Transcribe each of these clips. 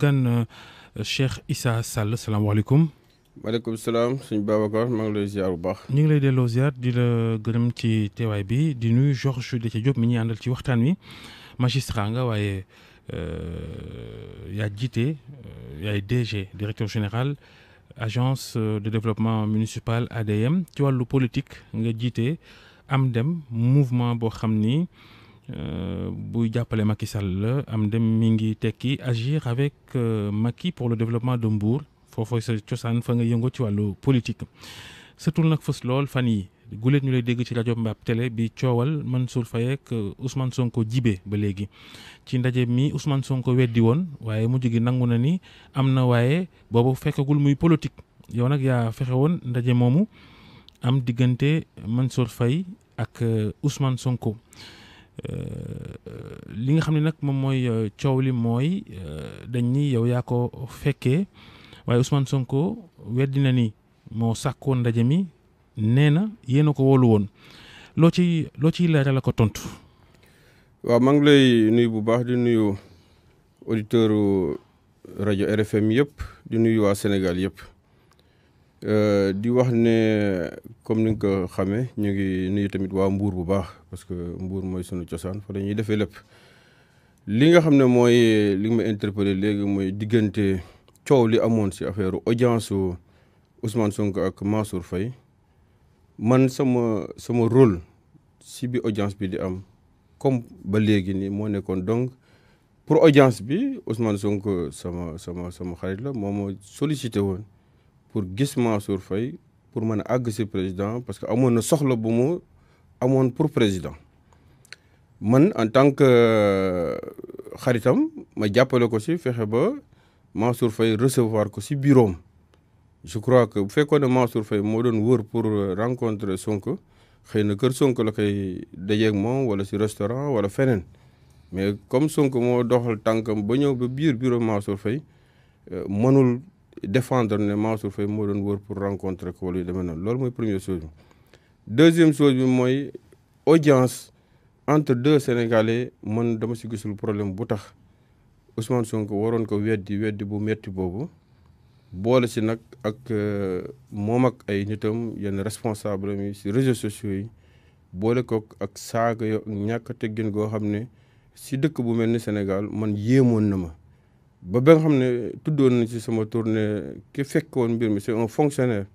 gan euh, Cheikh Issa Sall salaamaaleykum. maaleykum salaam suñu Babacar maa ngi lay ziar ñu ngi lay delloo ziar di la gërëm ci teewaay bi di nuyu Georges Dethié Diop mi ñuy àndal ci waxtaan wi magistrat nga waaye euh, yaa jiite euh, yaay DG directeur général agence de développement municipal ADM ci wàllu politique nga jiite am dem mouvement boo xam ni. Euh, buy jàppale Macky Sall la am dem mi ngi tekki agir avec euh, Macky pour le développement de Mbour foofoo sa cosaan fa nga yëngoo ci wàllu politique sëtul nag fës lool fan yi guléet ñu lay dégg ci rajo Mbab télé bi coowal man Mansour Faye ak euh, Ousmane Sonko jibee ba léegi ci ndaje mi Ousmane Sonko weddi woon waaye mujj gi nangu na ni am na waaye boobu fekkagul muy politique yow nag yaa fexe woon ndaje moomu am diggante man Mansour Faye ak Ousmane Sonko Euh, euh, li nga xam ne nag moom mooy euh, coow li mooy dañ ni yow yaa ko fekkee waaye Ousmane Sonko weddina na ni moo sàkkoon ndaje mi nee na yéen ko wóolu woon loo ciy loo ciy leeral la ko tontu. waaw maa ngi lay nuyu bu baax di nuyu auditeurs rajo RFM yëpp di nuyu waa Sénégal yëpp. Euh, di wax ne comme ni nga ko xamee ñu ngi nuyu tamit waa mbuur bu baax parce que mbuur mooy suñu cosaan fa ñuy defee lépp li nga xam ne mooy li ma interpellé léegi mooy diggante coow li amoon si affaire audience su Ousmane Sonko ak Mansour Faye man sama sama rôle si bi audience bi di am comme ba léegi nii moo nekkoon donc pour audience bi ausman Sonko sama sama sama xarit la moo ma sollicité woon. pour gis Mansour Faye pour mën a àgg si président parce que amoon na soxla bu mu amoon pour président man en tant que euh, xaritam ma jàppale ko si fexe ba Mansour fay recevoir ko si bureau je crois que bu fekkoon ne Mansour Faye moo doon wër pour euh, rencontrer Sonko xëy na kër Sonko la koy dajeeg moom wala si restaurant wala feneen mais comme Sonko moo doxal tànkam ba ñëw ba biir bureau Mansour Faye euh, mënul defendre ne Mansour Faye moo doon wër pour rencontre ko wala yu demee noonu loolu mooy première chose deuxième chose bi mooy audience entre deux sénégalais man dama si gisul problème bu tax Ousmane Sonko waroon ko weddi weddi bu metti boobu boole si nag ak euh, moom ak ay nitam yenn responsable mi si réseaux sociaux yi boole ko ak saaga yo ñàkk teggin goo xam ne si dëkk bu mel ni Sénégal man yéemoon na ma ba ba nga xam ne tuddoon na ci sama tournée ki fekkoon mbir mi c'est un fonctionnaire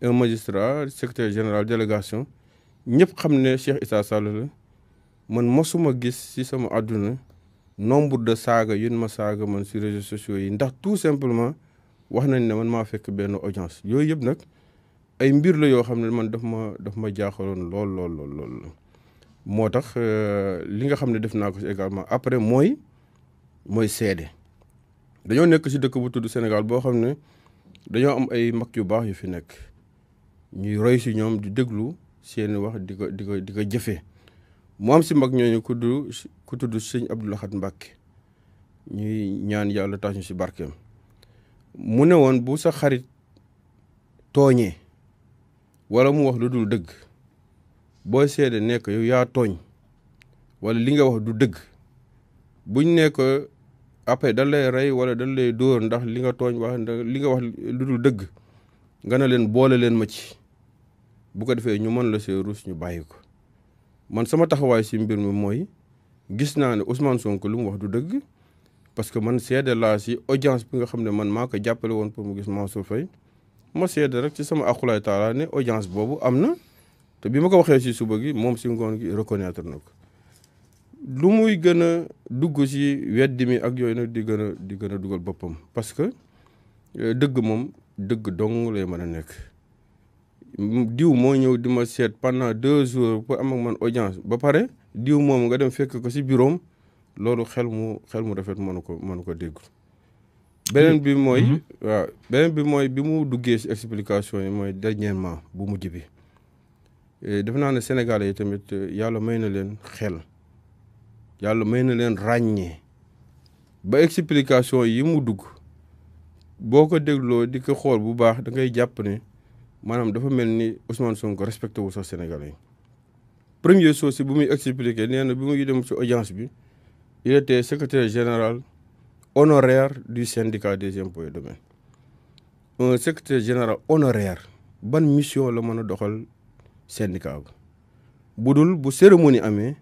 un magistrat secrétaire général délégation ñëpp xam ne Cheikh Issa Sall la man suma gis si sama àdduna nombre de saaga yun ma saaga man si réseaux sociaux yi ndax tout simplement wax nañ ne man maa fekk benn audience yooyu yëpp nag ay mbir la yoo xam ne man daf ma daf ma jaaxaloon lool lool lool lool moo tax euh, li nga xam ne def naa ko ci également après mooy mooy seede dañoo nekk si dëkk bu tudd Sénégal boo xam ne dañoo am ay mag yu baax yu fi nekk ñuy roy si ñoom du déglu seeni wax di ko di ko di ko jëfee mu am si mag ñooñu ku tudd ku tudd sëñ Abdou Lahad Mbacké ñuy ñaan yàlla tax ñu si barkeem mu ne woon bu sa xarit tooñee wala mu wax lu dul dëgg boo seede nekk yow yaa tooñ wala li nga wax du dëgg buñ nekk après dañ lay rey wala dañ lay dóor ndax li nga tooñ wax ndax li nga wax lu dul dëgg nga ne leen boole leen ma ci bu ko defee ñu mën la see ruus ñu bàyyi ko man sama taxawaay si mbir mi mooy gis naa ne Ousmane Sonko lu mu wax du dëgg parce que man seede laa si audience bi nga xam ne man maa ko jàppale woon pour mu gis Mansour Faye ma seede rek ci sama akulaay taala ne audience boobu am na te bi ma ko waxee si suba gi moom si ngoon gi reconnaître na ko lu muy gën a dugg si weddi mi ak yooyu nag di gën a di gën a dugal boppam parce que euh, dëgg moom dëgg dong lay mën a nekk diw moo ñëw di ma seet pendant deux jours pour am ak man audience ba pare diw moom nga dem fekk ko si bureau loolu xel mu xel mu rafet mënu ko mënu ko dégg beneen bi mooy mhm. beneen bi mooy bi mu duggee si explication yi mooy dernièrement bu mujj bi euh, def naa ne Sénégalais yi tamit euh, yàlla may na leen xel yàlla may na leen ràññee ba explication yi mu dugg boo ko dégloo di ko xool bu baax da ngay jàpp ne maanaam dafa mel ni Ousmane Sonko respecté wu sax Sénégalais yi premier chose si bu muy expliqué nee na bi muy dem ci audience bi il était secrétaire général honoraire du syndicat des impôts et domaines un secrétaire général honoraire ban mission la mën a doxal syndicat bu budul bu cérémonie amee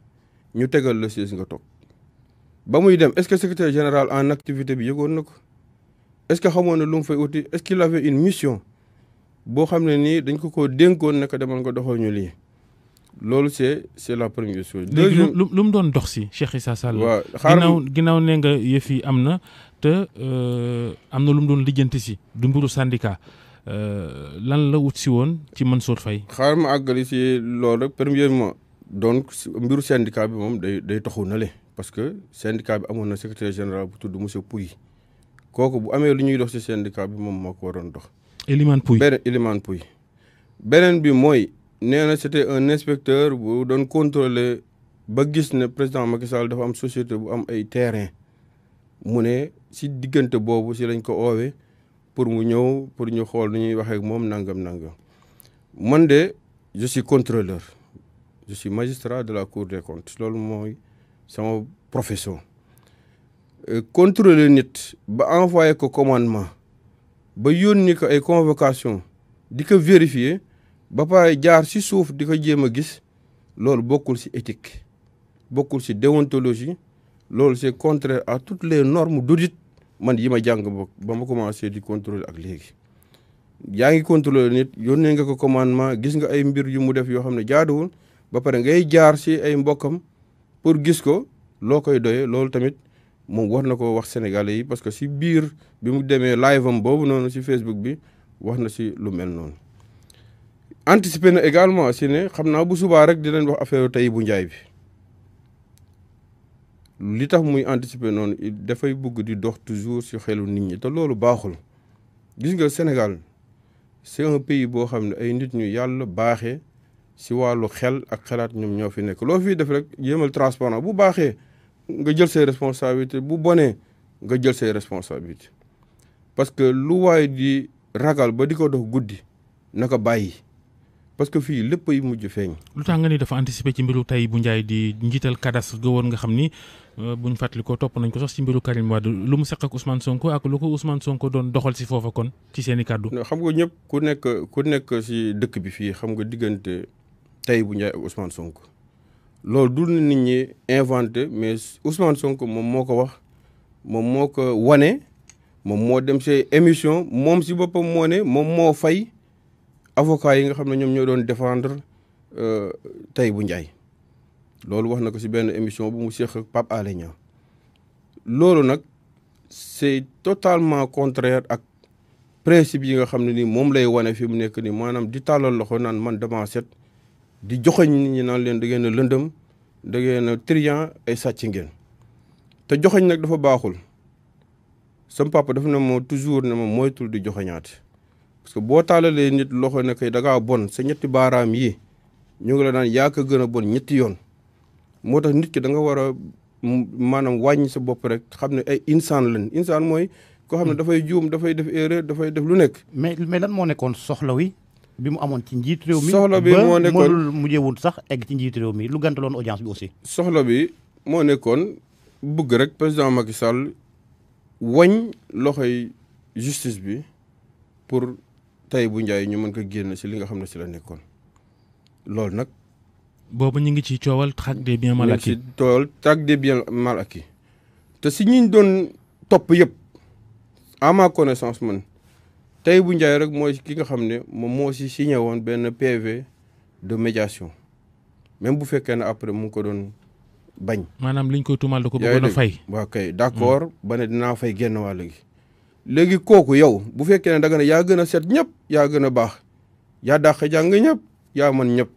ñu tegal la siis nga toog ba muy dem est-ce que secrétaire général en activité bi yëgoon na ko est-ce que xamoo na lu mu fay uti est-ce qu'il avait une mission boo xam ne nii dañ ko ko dénkoon ne ko demal nga doxal ñu lii loolu c'est c'est la première chose. deuxième lu mu doon dox si Cheikh Issa Sall. waaw ginnaaw ginnaaw nee nga yëf yi am na te euh, am na lu mu doon lijjanti si du mbiru syndicat. Euh, lan la wut si woon ci Mansour Faye. xaaral ma àggali si loolu rek donc mbiru syndicat bi moom day day taxaw na le parce que syndicat bi amoon na secrétaire général bu tudd monsieur Pouy kooku bu amee lu ñuy dox ci syndicat bi moom moo ko waroon dox. Elimane Pouy beneen Elimane Pouy beneen bi mooy nee na c'était un inspecteur bu doon contrôler ba gis ne président Macky dafa am société bu am ay terrain mu ne si diggante boobu si lañ ko oowee pour mu ñëw pour ñu xool nu ñuy waxee moom nangam nangam man de je suis contrôleur. je suis de la cour des comptes loolu mooy sama profession euh, contrôler nit ba envoyé ko commandement ba yónni ko ay convocation di ko vérifier ba pare jaar si suuf di ko jéem a gis loolu bokkul si éthique bokkul si déontologie loolu c'est contraire à toutes les normes d'audit man yi ma jàng ba ba ma commencé di contrôler ak léegi yaa ngi contrôler nit yónnee nga ko commandement gis nga ay mbir yu mu def yoo xam ne jaaduwul ba pare ngay jaar ci ay mbokkam pour gis ko loo koy doyee loolu tamit moom war na ko wax sénégalais yi parce que ci biir bi mu demee live am boobu noonu ci Facebook bi wax na ci lu mel noonu. anticiper na également ci ne xam naa bu subaa rek dinañ wax affaire tey bu njaay bi li tax muy anticiper noonu dafay bëgg di dox toujours ci xelu nit ñi te loolu baaxul gis nga Sénégal c'est un boo xam ne ay nit ñu yàlla baaxee. si wàllu xel ak xalaat ñoom ñoo fi nekk loo fii def rek yéemal transparent bu baaxee nga jël say responsabilité bu bonee nga jël say responsabilité parce que lu waay di ragal ba di ko dox guddi ko bàyyi parce que fii lépp ay mujj feeñ. lu tax nga ni dafa anticiper ci mbiru tey bu Ndiaye di njiital cadastre ga woon nga xam ni euh, buñ fàttali ko topp nañ ko sax ci mbiru Karim Wade lu mu seq ak Ousmane ak lu ko Ousmane Sonko doon doxal si foofu kon ci seen i kàddu. xam nga ñëpp ku nekk ku nekk si dëkk bi fii xam nga diggante. tey bu Ndiaye ak Ousmane Sonko loolu dul na nit ñi inventé mais Ousmane sonk moom moo ko wax moom moo ko wane moom moo dem see émission moom si boppam moo ne moom moo fay avocat yi nga xam ne ñoom ñoo doon défendre euh, tey bu Ndiaye loolu wax na ko si benn émission bu mu séq ak Pape loolu nag c'est totalement contraire ak principe yi nga xam ne ni moom lay wane fi mu nekk ni maanaam di tàllal loxo naan man dama set di joxoñ ni ñi naan leen da ngeen lëndëm da ngeen a triant ay sàcc ngeen te joxoñ nag dafa baaxul sam papa dafa ne moo toujours ne ma moytul di joxoñaat parce que boo taalalee nit loxo ne koy da ngaa bon sa ñetti baaraam yi ñu ngi la daan yaa ko gën a bon ñetti yoon moo tax nit ki da nga war a maanaam wàññi sa bopp rek xam ne ay insaan lañ insaan mooy koo xam ne dafay juum dafay def erreur dafay def lu nekk. mais mais lan moo nekkoon soxla wi. bi mu amoon ci njiitu réew mi. soxla bi moo nekkoon sax egg ci njiitu réew mi lu gàntaloon audience bi aussi. soxla bi moo nekkoon bëgg rek président Macky Sall wañ loxoy justice bi pour Tahibou Ndiaye ñu mën ko génn si li nga xam ne si la nekkoon loolu nag. boobu ñu ngi ci coowal traque des biens mal acquis. ci coowal traque des biens mal te si ñu doon topp yëpp à ma connaissance man. tey bu Ndiaye rek mooy ki nga xam ne moom moo si signé woon benn PV de médiation même bu fekkee ne après mu ngi ko doon bañ. maanaam liñ koy tuumal da ko bëggoon a fay. waaw kay d' accord hmm. ba ne dinaa fay génn waa léegi. léegi kooku yow bu fekkee ne dagane nga ne yaa gën a set ñëpp yaa gën a baax yaa dàq jàng ñëpp yaa mën ñëpp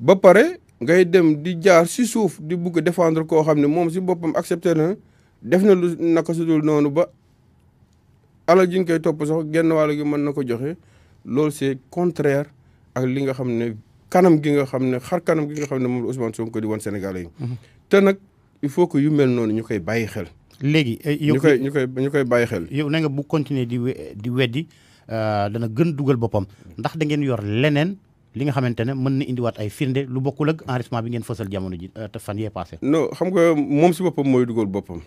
ba pare ngay dem di jaar si suuf di bugg défendre koo xam ne moom si boppam accepté na def na lu naka su noonu ba alal ji ñu koy topp sax genn wàll gi mën na ko joxe loolu c'est contraire ak li nga xam ne kanam gi nga xam ne xar kanam gi nga xam ne moom la Ousmane Sonko di wan Sénégalais mhm. te nag il faut que yu mel noonu ñu koy bàyyi xel. léegi eh, ñu koy ñu koy ñu koy bàyyi xel. yow na nga bu continuer di di weddi euh, dana gën dugal boppam ndax da ngeen yor leneen li nga xamante ne mën na indiwaat ay firnde lu bokkul ak enrichissement bi ngeen fësal jamono ji euh, te fan yee passé. non xam nga moom si boppam mooy dugal boppam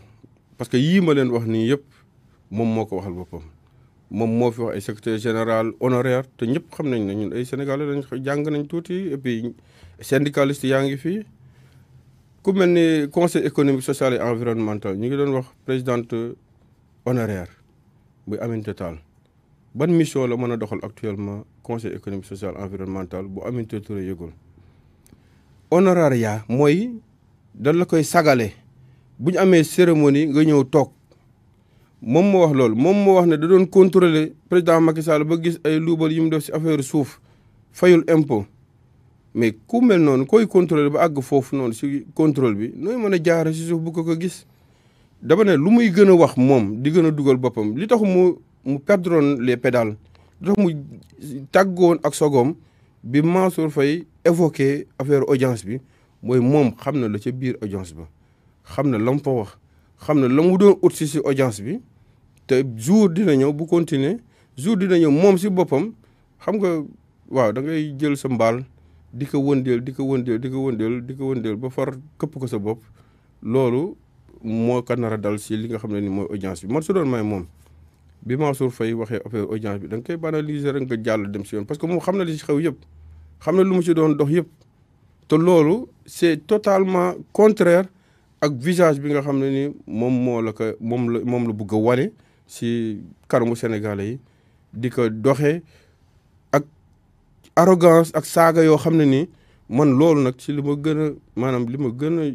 parce que yii ma leen wax nii yëpp. moom moo ko waxal boppam moom moo fi wax ay secrétaire général honoraire te ñëpp xam nañ ne ñun ay sénégalais dañ jàng nañ tuuti et puis syndicaliste yaa ngi fii ku mel ni conseil économique social et environnemental ñu ngi doon wax présidente honoraire bu Aminata Tall ban mission la mën a doxal actuellement conseil économique social environnemental bu Aminata Touré yëgul honoraria mooy dañ la koy sagale bu ñu amee cérémonie nga ñëw toog moom moo wax loolu moom moo wax ne da doon contrôler président Macky Sall ba gis ay luubal yi mu def si affaire suuf fayul impo mais ku mel noonu koy contrôler ba àgg foofu noonu si contrôle bi nooy mën a jaare si suuf bu ko ko gis dama ne lu muy gën a wax moom di gën a dugal boppam li tax mu mu perdroon les pédales li tax mu tàggoon ak sogoom bi Mansour fay évoqué affaire audience bi mooy moom xam na la ci biir audience ba xam na mu fa wax xam ne la mu doon ut si si audience bi te jour dina ñëw bu continuer jour dina ñëw moom si boppam xam nga waaw da ngay jël sa mbaal di ko wëndeel di ko wëndeel di ko wëndeel di ko wëndeel ba far këpp ko sa bopp loolu moo ko nar a dal si li nga xam ne ni mooy audience bi man su doon may moom bi Mansour fay waxee affaire audience bi da nga koy banaliser rek nga jàll dem si yoon parce que moom xam na li si xew yëpp xam na lu mu si doon dox yëpp te loolu c'est totalement contraire ak visage bi nga xam ne ni moom moo la ko moom la moom la bëgg a si kanamu sénégalais yi di ko doxee ak arrogance ak saaga yoo xam ne nii man loolu nag si li ma gën a maanaam li ma gën a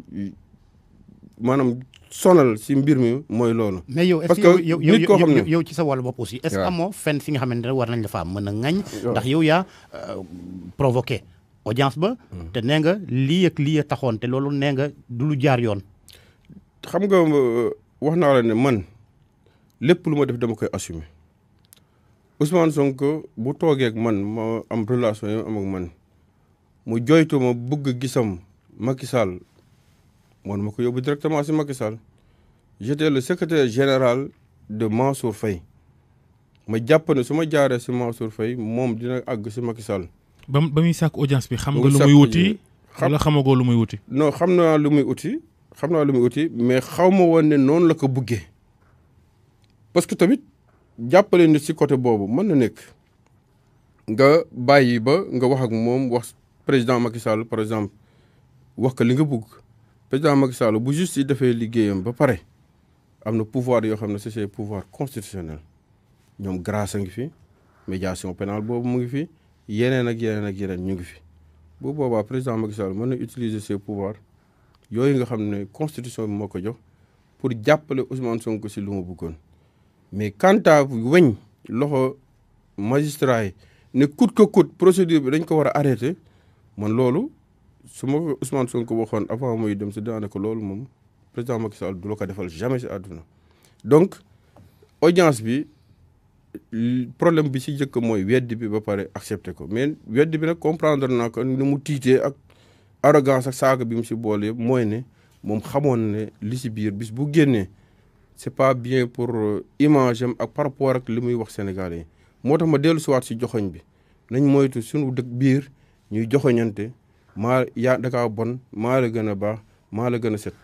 maanaam sonal si mbir mi mooy loolu. mais yow est-ce que yow yow ci sa wàllu bopp aussi. est-ce que amoo fenn fi nga xamante ne war nañ la faa mën a ŋañ. ndax yow yaa euh, provoqué audience ba. Mm. te nee nga lii ak lii a taxoon te loolu nee nga du lu jaar yoon. xam nga euh, wax naa la ne man lépp lu ma def dama koy assumer Ousmane sonk bu toogeek man ma am relation yi am ak man mu joytu ma bëgg gisam Macky Sall man ma ko yóbbu directement si Macky Sall j'étais le secretaire général de Mansour Faye ma jàpp ne su ma jaaree si Mansour Faye moom dina àgg si Macky Sall. ba ba muy sàkk audience bi. xam nga lu muy wuti. xam wala xamagoo lu muy wuti. non xam naa lu muy wuti. xam naa lu muy uti mais xaw ma woon ne noonu la ko buggee parce que tamit jàppale nit si côté boobu mën na nekk nga bàyyi ba nga wax ak moom wax président Macky Sall par exemple wax ko li nga bugg président Macky Sall bu juste yi defee liggéeyam ba pare am na pouvoir yoo xam ne c'est ses pouvoir constitutionnels ñoom grâce a ngi fi médiation pénale boobu mu ngi fi yeneen ak yeneen ak yeneen ñu ngi fi bu boobaa président Macky Sall mën na utiliser ses pouvoirs yooyu nga xam ne constitution bi moo ko jox pour jàppale Ousmane Sonko si lu ma bëggoon mais quant à weñ loxo magistrat yi ne coûte que coûte procédure bi dañ ko war a arrêté man loolu su ma ko Ousmane Sonko waxoon avant muy dem si ko loolu moom président Macky Sall du la ko defal jamais si àdduna donc audience bi problème bi si njëkk mooy weddi bi ba pare accepté ko mais weddi bi nag comprendre naa ko ni mu tiitee ak arrogance ak saaga bi mu si boole mooy ne moom xamoon ne li si biir bis bu génnee c'est pas bien pour euh, image ak par rapport ak li muy wax sénégalais moo tax ma dellu siwaat si joxoñ bi nañ moytu sunu dëkk biir ñuy joxoñante maa yaa dakaa bon maa la gën a baax maa la gën a set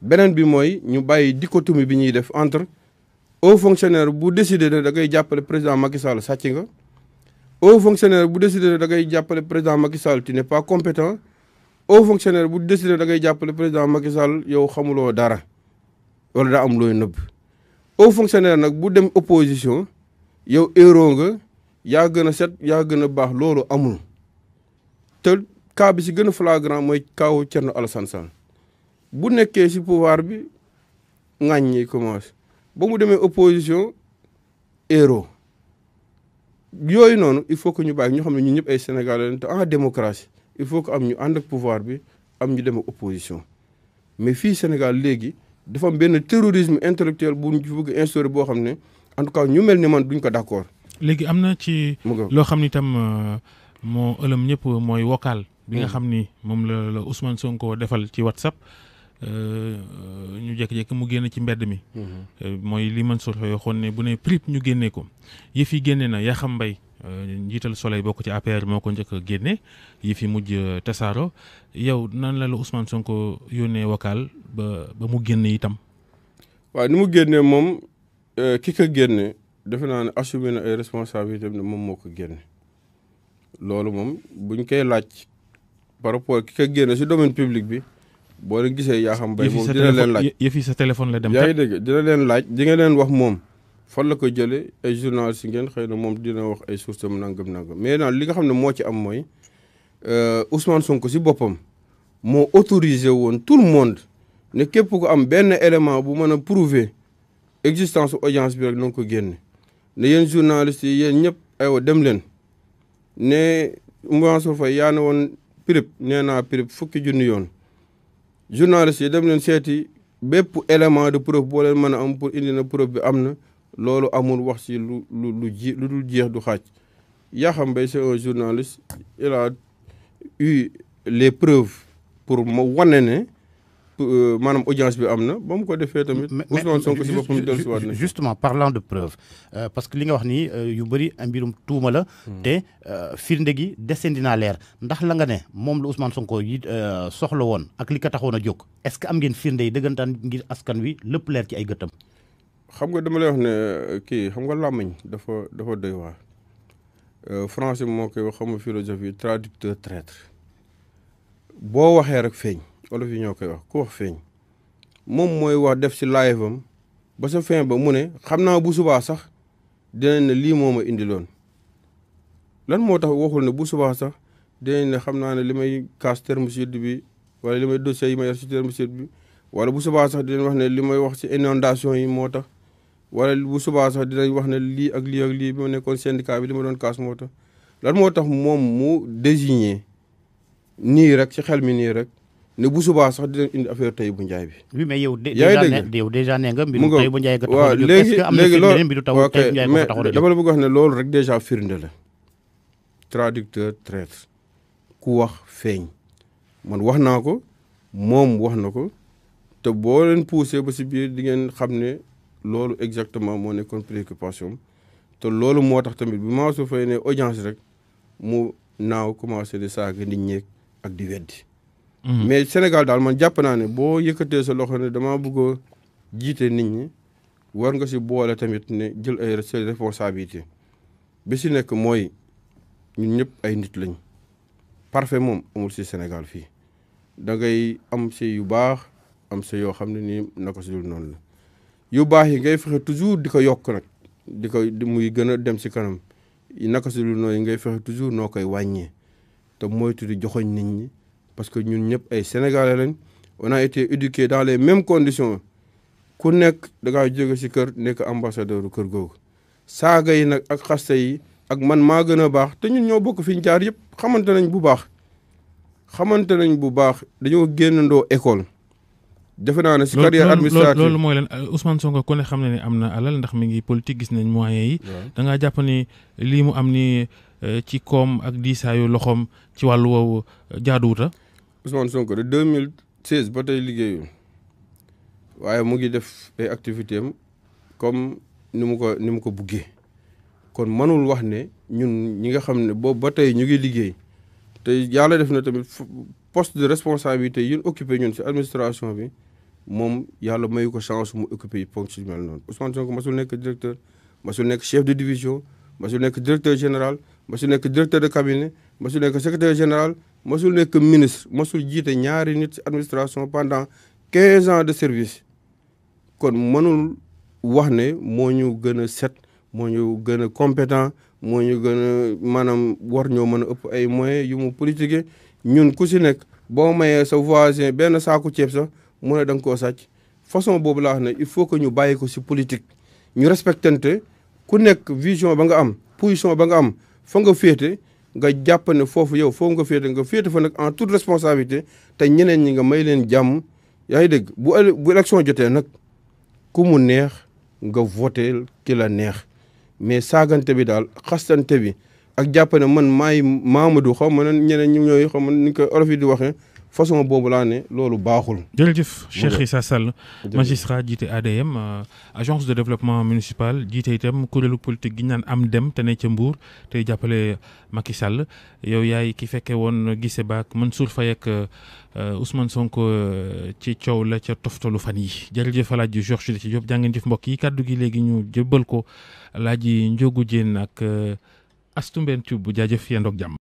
beneen bi mooy ñu bàyyi dichotomie bi ñuy def entre haut fonctionnaire bu décidé ne da ngay jàppale président Macky Sall sàcc nga haut fonctionnaire bu décidé ne da ngay jàppale président Macky Sall tu n'es pas haut fonctionnaire bu décidé da ngay jàppale président Macky Sall yow xamuloo dara wala daa am nëbb haut fonctionnaire nag bu dem opposition yow héros nga yaa gën a set yaa gën a baax loolu amul te cas si gën a flagrant mooy kaawu Thierno Alassane Sall bu nekkee si pouvoir bi ŋàññ yi commencé ba mu demee opposition héros yooyu noonu il faut que ñu bàyyi ñu xam ne ñun ñëpp ay Sénégalais te en il faut que am ñu ànd ak pouvoir bi am ñu dem ak opposition mais fii Sénégal léegi dafa am benn terrorisme intellectuel bu ñu bëgg instauré boo xam ne en tout cas ñu mel ni man duñ ko d' accord. léegi am na ci. loo xam ni tam euh, moo ëlëm ñëpp mooy vocal. bi nga mm. xam ni moom la la Ousmane Sonko defal ci WhatsApp. Euh, euh, ñu jékki-jékki mu génn ci mbedd mi. Mm-hmm. mooy li Mansour waxoon ne bu ne prip ñu génnee ko yëf yi génne na yaa xam mbay Euh, njiital soleil bokk ci APR moo ko njëkk a génne yi fi mujj euh, tasaaro yow nan la la Ousmane Sonko yónnee vocal ba ba mu génne itam. waaw ni mu génne moom euh, ki ko génne defe naa ne assumé na ay responsabilités ne moom moo ko génne loolu moom bu ñu koy laaj par rapport ki ko génne si domaine public bi boo leen gisee yaa xam. bay moom dina leen laaj yëfi sa téléphone la dem. yaa ngi dégg dina leen laaj di nga leen wax moom. fan la ko jëlee ay journalistes yi ngeen xëy na moom dina wax ay sources am nangam nangam mais naa li nga xam ne moo ci am mooy euh, Ousmane Sonko si boppam moo autorisé woon tout le monde ne képp ko am benn élément bu mën a prouver existence audience bi rek na nga ko génne ne yéen journalistes yi yéen ñëpp aywa dem leen ne Mansour Faye yaa ne woon prip nee naa prip fukki junni yoon journalistes yi dem leen seeti bépp élément de preuve boo leen mën a am pour indi na preuve bi am na loolu amul wax ci lu lu lu ji lu dul jeex du xaaj Yakham Mbaye c'est un journaliste il a les preuves pour ma wane ne euh, maanaam audience bi am na ba mu ko defee tamit. Ousmane Sonko si boppam dellusiwaat na. justement parlant de preuve euh, parce que li nga wax nii euh, yu bëri mbirum tuuma la. Hmm. te firnde gi desandi naa leer ndax la nga ne moom la Ousmane Sonko yi soxla woon ak li ko taxoon a jóg est-ce que am ngeen firnde yi dëggantaan ngir askan wi lépp leer ci ay gëttam. xam nga dama lay wax ne euh, kii xam nga làmmiñ dafa dafa doy waar euh, français moo koy wax xam nga philosophie traducteur traître boo waxee rek feeñ olof yi ñoo koy wax ku wax feeñ moom mooy wax def si live am ba sa fin ba mu ne xam naa bu subaa sax dinañ ne lii moom a indi loon lan moo tax waxul ne bu subaa sax dinañ ne xam naa ne li may kaas terme sud bi wala li may dossier yi ma yor si terme bi wala bu subaa sax dinañ wax ne li may wax si inondation yi moo tax wala bu subaa sax dinañ wax na lii ak lii ak lii bi ma nekkoon syndicat bi li ma doon kaas moo tax lan moo tax moom mu désigné nii rek ci xel mi nii rek ne bu subaa sax dinañ indi affaire bu njaay bi. oui mais yow. yow dèjà ne nga mbiru Tahibou Ndiaye nga. waaw léegi léegi loolu ok mais dama la bëgg wax ne loolu rek dèjà firnde la. traducteur traître ku wax feeñ man wax naa ko moom wax na ko te boo leen poussé ba si biir di ngeen xam ne. loolu exactement moo nekkoon préoccupation te loolu moo tax tamit bi Mansour Faye ne audience rek mu naaw commencé di saaga nit ñeeg ak di weddi. Mhm. mais Sénégal daal man jàpp naa ne boo yëkkatee sa loxo ne damaa bëgg a jiite nit ñi war nga si boole tamit ne jël ay ses responsabilités bi si nekk mooy ñun ñëpp ay nit lañ parfait moom amul si Sénégal fii dangay am si yu baax am si yoo xam ne nii naka si dul noonu la. yu baax yi ngay fexe toujours di ko yokk nag di ko muy gën a dem si kanam naka si lu nooy ngay fexe toujours noo koy wàññee te moytu di joxoñ nit ñi parce que ñun ñëpp ay sénégalais lañ on a été éduqués daal les mêmes condition ku nekk da ngaa jóge si kër nekk ambassadeur kër googu saaga yi nag ak xaste yi ak man maa gën a baax te ñun ñoo bokk fi ñu jaar yëpp xamante nañ bu baax xamante nañ bu baax dañoo génnandoo école. defe naa ne si carrière administrative loolu mooy leen euh, Ousmane Sonko ku ne xam na ne am na alal ndax mi ngi politique gis nañ moyens yi. da ngaa jàpp ni lii mu am ni euh, ci koom ak diisaayu loxoom ci wàllu woowu euh, jaaduwuta Ousmane Sonko de 2016 ba tey liggéeyul waaye mu ngi def ay activités comme ni mu ko ni mu ko buggee kon mënul wax ne ñun ñi nga xam ne boobu ba tey ñu ngi liggéey te yàlla def na tamit poste de responsabilité yi ñu ñun si administration bi. moom yàlla may ko chance mu occupé yi ponk ci mel noonu Ousmane Sonko masul nekk directeur masul nekk chef de division masul nekk directeur général masul nekk directeur de cabinet masul nekk secrétaire général masul nekk ministre masul jiite ñaari nit ci administration pendant quinze ans de service kon mënul wax ne moo ñu gën a set moo ñu gën a compétent moo ñu gën a maanaam war ñoo mën a ëpp ay moyens yu mu politiquer ñun ku si nekk boo mayee sa voisin benn saaku ceeb sax mu ne da nga koo sàcc façon boobu laa wax ne il faut que ñu bàyyi ko si politique. ñu respectante ku nekk vision ba nga am position ba nga am fa nga féete nga jàpp ne foofu yow foofu nga féete nga féete fa nag en toute responsabilité te ñeneen ñi nga may leen jàmm yaa ngi dégg bu bu élection jotee nag ku mu neex nga voté ki neex mais saagante bi daal xastante bi ak jàpp ne man maay Mamadou xaw ma na ñeneen ñi ñooy xaw ma ni ko olof yi di waxee. façon boobu laa ne loolu baaxul. jërëjëf Cheikh Issa Sall. magistrat jiite ADM euh, agence de développement municipal jiite itam kuréelu politique gi ñu naan am dem te ne ca Mbour tey jàppale Macky Sall yow yaay ki fekkee woon gise baak Mansour Faye ak euh, Ousmane Sonko euh, ci coow la ca toftalu fan yi jërëjëf El Hadj Georges Diop ci Diop jàngeen jëf mbokk yi kàddu gi léegi ñu jëbbal ko laaj Hadj Ndiogou Diène ak Astou Mbène Thioub bu jaajëf yéen doog jàmm.